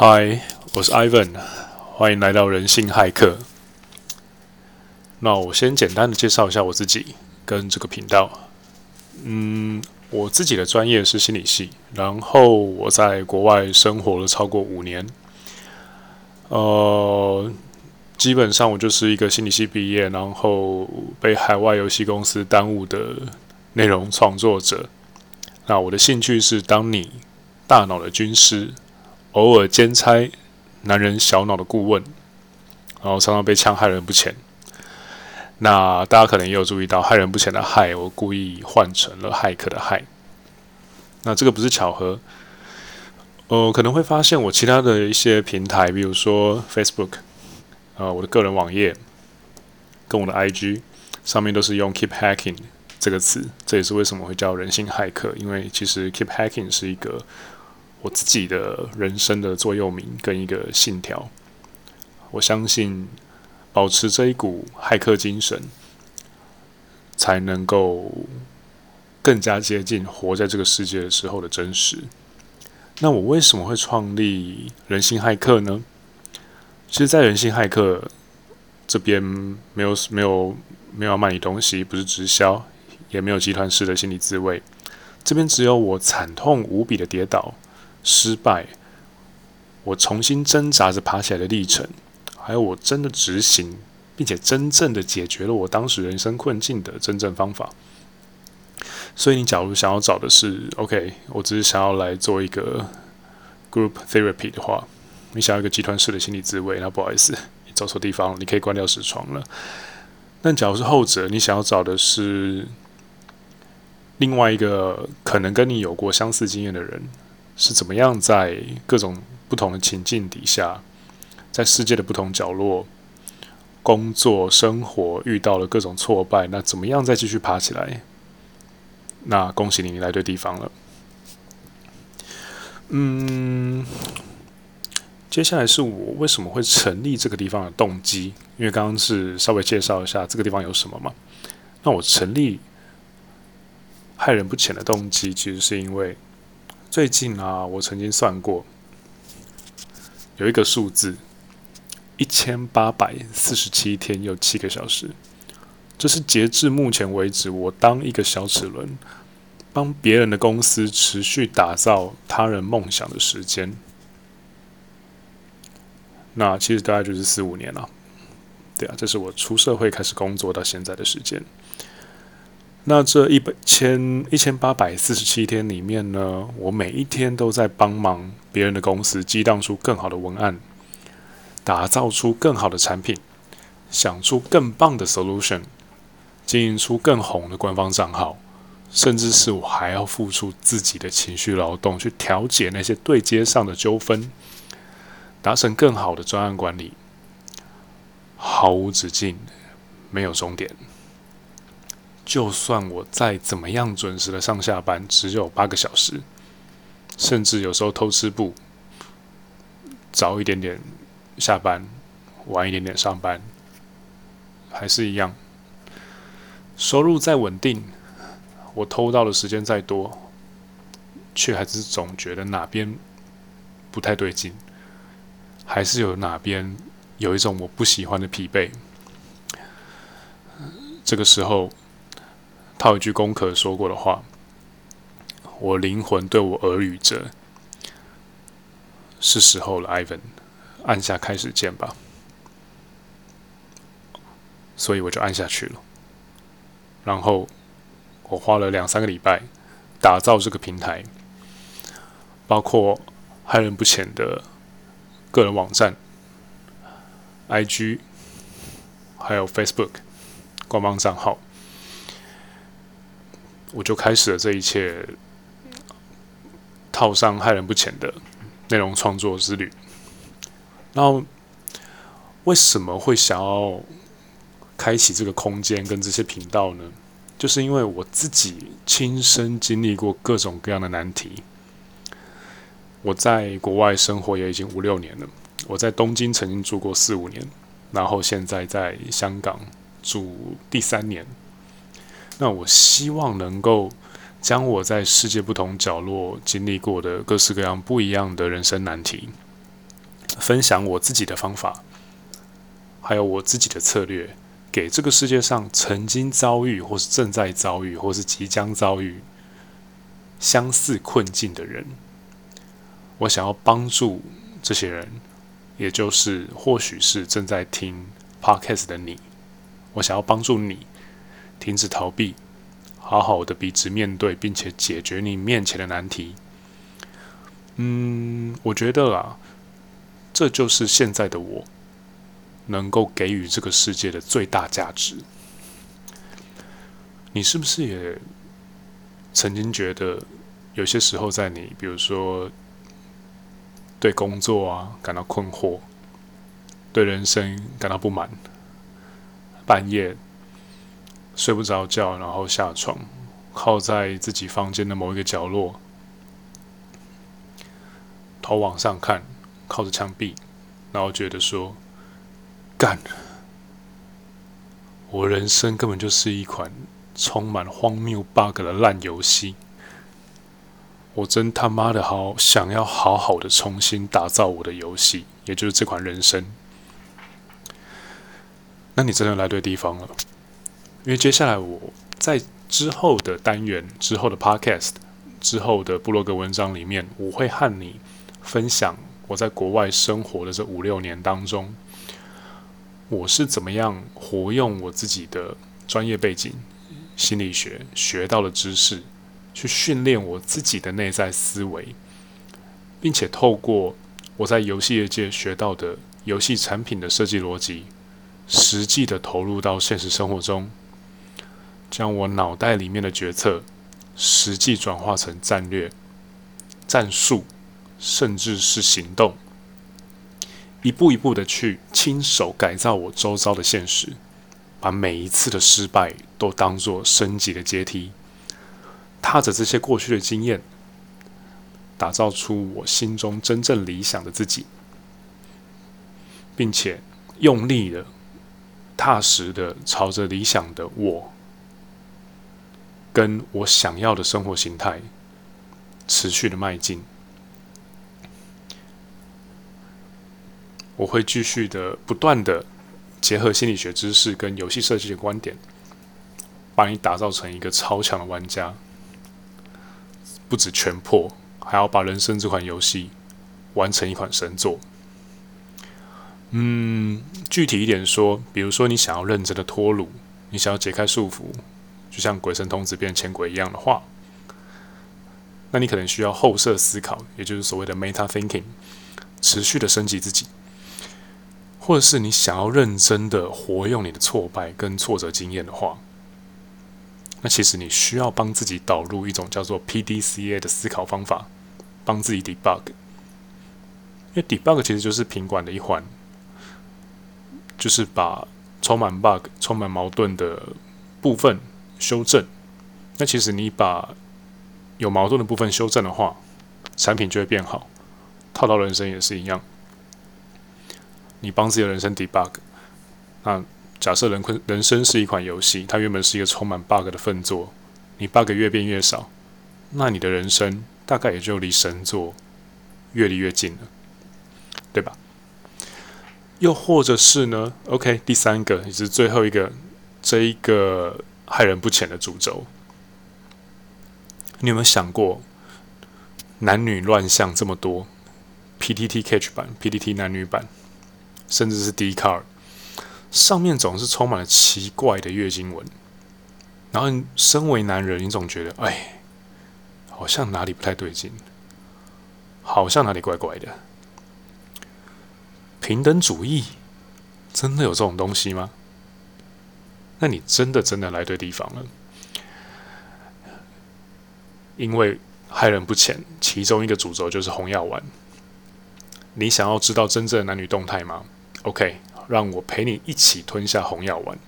Hi，我是 Iven，歡迎來到人性駭客。那我先簡單的介紹一下我自己跟這個頻道。嗯，我自己的專業是心理系，然後我在國外生活了超過五年。呃，基本上我就是一個心理系畢業，然後被海外遊戲公司耽誤的內容創作者。那我的興趣是當你大腦的軍師。偶爾兼差男人小腦的顧問，然後常常被嗆害人不淺。那大家可能也有注意到，害人不淺的“害”，我故意換成了“駭客”的“駭”。那這個不是巧合。呃，可能會發現我其他的一些平台，比如說 Facebook，啊、呃，我的個人網頁跟我的 IG 上面都是用 “keep hacking” 這個詞，這也是為什麼會叫“人性駭客”，因為其實 “keep hacking” 是一個。我自己的人生的座右銘跟一個信條，我相信保持這一股駭客精神，才能夠更加接近活在這個世界的時候的真實。那我為什麼會創立人性駭客呢？其實，在人性駭客這邊沒有沒有沒有要賣你東西，不是直銷，也沒有集團式的心理滋味。這邊只有我慘痛無比的跌倒。失敗，我重新掙扎着爬起來的歷程，還有我真的執行，並且真正的解決了我當時人生困境的真正方法。所以，你假如想要找的是 OK，我只是想要來做一個 group therapy 的話，你想要一個集團式的心理滋味，那不好意思，你找錯地方了，你可以關掉視窗了。但假如是後者，你想要找的是另外一個可能跟你有過相似經驗的人。是怎麼樣在各種不同的情境底下，在世界的不同角落工作、生活，遇到了各種挫敗，那怎麼樣再繼續爬起來？那恭喜你，你來對地方了。嗯，接下來是我為什麼會成立這個地方的動機，因為剛剛是稍微介紹一下這個地方有什麼嘛。那我成立駭人不淺的動機，其實是因為。最近啊，我曾經算過，有一個數字，一千八百四十七天又七個小時，這是截至目前為止，我當一個小齒輪，幫別人的公司持續打造他人夢想的時間。那其實大概就是四五年了啊，對啊，這是我出社會開始工作到現在的時間。那這一百千一千八百四十七天裡面呢，我每一天都在幫忙別人的公司激盪出更好的文案，打造出更好的產品，想出更棒的 solution，經營出更紅的官方賬號，甚至是我還要付出自己的情緒勞動去調解那些對接上的糾紛，達成更好的專案管理，毫無止境，沒有終點。就算我再怎麼樣準時的上下班，只有八個小時，甚至有時候偷吃步早一點點下班，晚一點點上班，還是一樣。收入再穩定，我偷到的時間再多，卻還是總覺得哪邊不太對勁，還是有哪邊有一種我不喜歡的疲憊。呃，這個時候。套一句攻殼說過的話：“我靈魂對我耳語着，是時候了，Iven，按下開始鍵吧。”所以我就按下去了。然後我花了兩三個禮拜打造這個平台，包括駭人不淺的個人網站、IG，還有 Facebook 官方賬號。我就開始了這一切，套上駭人不淺的內容創作之旅。那為什麼會想要開啟這個空間跟這些頻道呢？就是因為我自己親身經歷過各種各樣的難題。我在國外生活也已經五六年了，我在東京曾經住過四五年，然後現在在香港住第三年。那我希望能夠將我在世界不同角落經歷過的各式各樣不一樣的人生難題，分享我自己的方法，還有我自己的策略，給這個世界上曾經遭遇或是正在遭遇或是即將遭遇相似困境的人。我想要幫助這些人，也就是或許是正在聽 Podcast 的你，我想要幫助你。停止逃避，好好的筆直面對，並且解決你面前的難題。嗯，我覺得啊，這就是現在的我能夠給予這個世界的最大價值。你是不是也曾經覺得有些時候在你，比如說對工作啊感到困惑，對人生感到不滿，半夜，睡不着覺，然後下床，靠在自己房間的某一個角落，頭往上看，靠着牆壁，然後覺得說：“幹，我人生根本就是一款充滿荒謬 bug 的爛遊戲。我真他媽的好想要好好的重新打造我的遊戲，也就是這款人生。那你真的來對地方了。”因為接下來我在之後的單元、之後的 Podcast、之後的部落格文章裡面，我會和你分享我在國外生活的這五六年當中，我是怎麼樣活用我自己的專業背景心理學學到的知識，去訓練我自己的內在思維，並且透過我在遊戲業界學到的遊戲產品的設計邏輯，實際的投入到現實生活中。將我腦袋裡面的決策，實際轉化成戰略、戰術，甚至是行動，一步一步的去親手改造我周遭的現實，把每一次的失敗都當作升級的階梯，踏着這些過去的經驗，打造出我心中真正理想的自己，並且用力的、踏實的朝着理想的我，跟我想要的生活形態持續的邁進，我會繼續的不斷的結合心理學知識跟遊戲設計的觀點，把你打造成一個超強的玩家，不止全破，還要把人生這款遊戲玩成一款神作。嗯，具體一點說，比如說你想要認真的脫魯，你想要解開束縛。就像鬼神童子變前鬼一樣的話，那你可能需要後設思考，也就是所謂的 meta thinking，持續的升級自己，或者是你想要認真的活用你的挫敗跟挫折經驗的話，那其實你需要幫自己導入一種叫做 PDCA 的思考方法，幫自己 debug，因為 debug 其實就是品管的一環，就是把充滿 bug、充滿矛盾的部分。修正，那其實你把有矛盾的部分修正的話，產品就會變好。套到人生也是一樣，你幫自己的人生 debug。那假設人，人人生是一款遊戲，它原本是一個充滿 bug 的糞作，你 bug 越變越少，那你的人生大概也就離神作越離越近了，對吧？又或者是呢？OK，第三個也是最後一個，這一個。駭人不淺的詛咒，你有沒有想過，男女亂象這麼多，PTT Catch 版、PTT 男女版，甚至是 Dcard，上面總是充滿了奇怪的月經文，然後身為男人，你總覺得，哎，好像哪裡不太對勁，好像哪裡怪怪的，平等主義真的有這種東西嗎？那你真的真的來對地方了，因為駭人不淺，其中一個主軸就是紅藥丸。你想要知道真正的男女動態嗎？OK，讓我陪你一起吞下紅藥丸。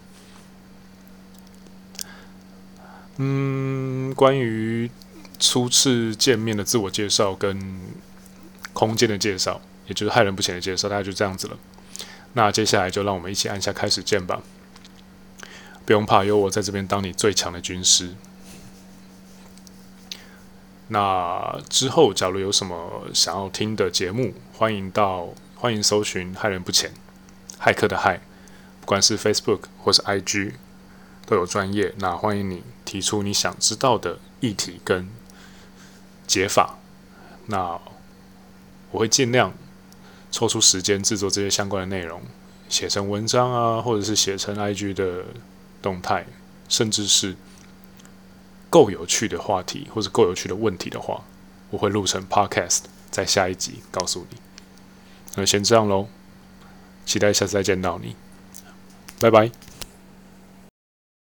嗯，關於初次見面的自我介紹跟空間的介紹，也就是駭人不淺的介紹，大概就這樣子了。那接下來就讓我們一起按下開始鍵吧。不用怕，有我在這邊當你最強的軍師。那之後，假如有什麼想要聽的節目，歡迎到歡迎搜尋“駭人不淺”駭客的駭，不管是 Facebook 或是 IG，都有專業。那歡迎你提出你想知道的議題跟解法。那我會盡量抽出時間製作這些相關的內容，寫成文章啊，或者是寫成 IG 的。動態，甚至是夠有趣的話題或者夠有趣的問題的話，我會錄成 podcast，在下一集告訴你。那先這樣嘍，期待下次再見到你。拜拜。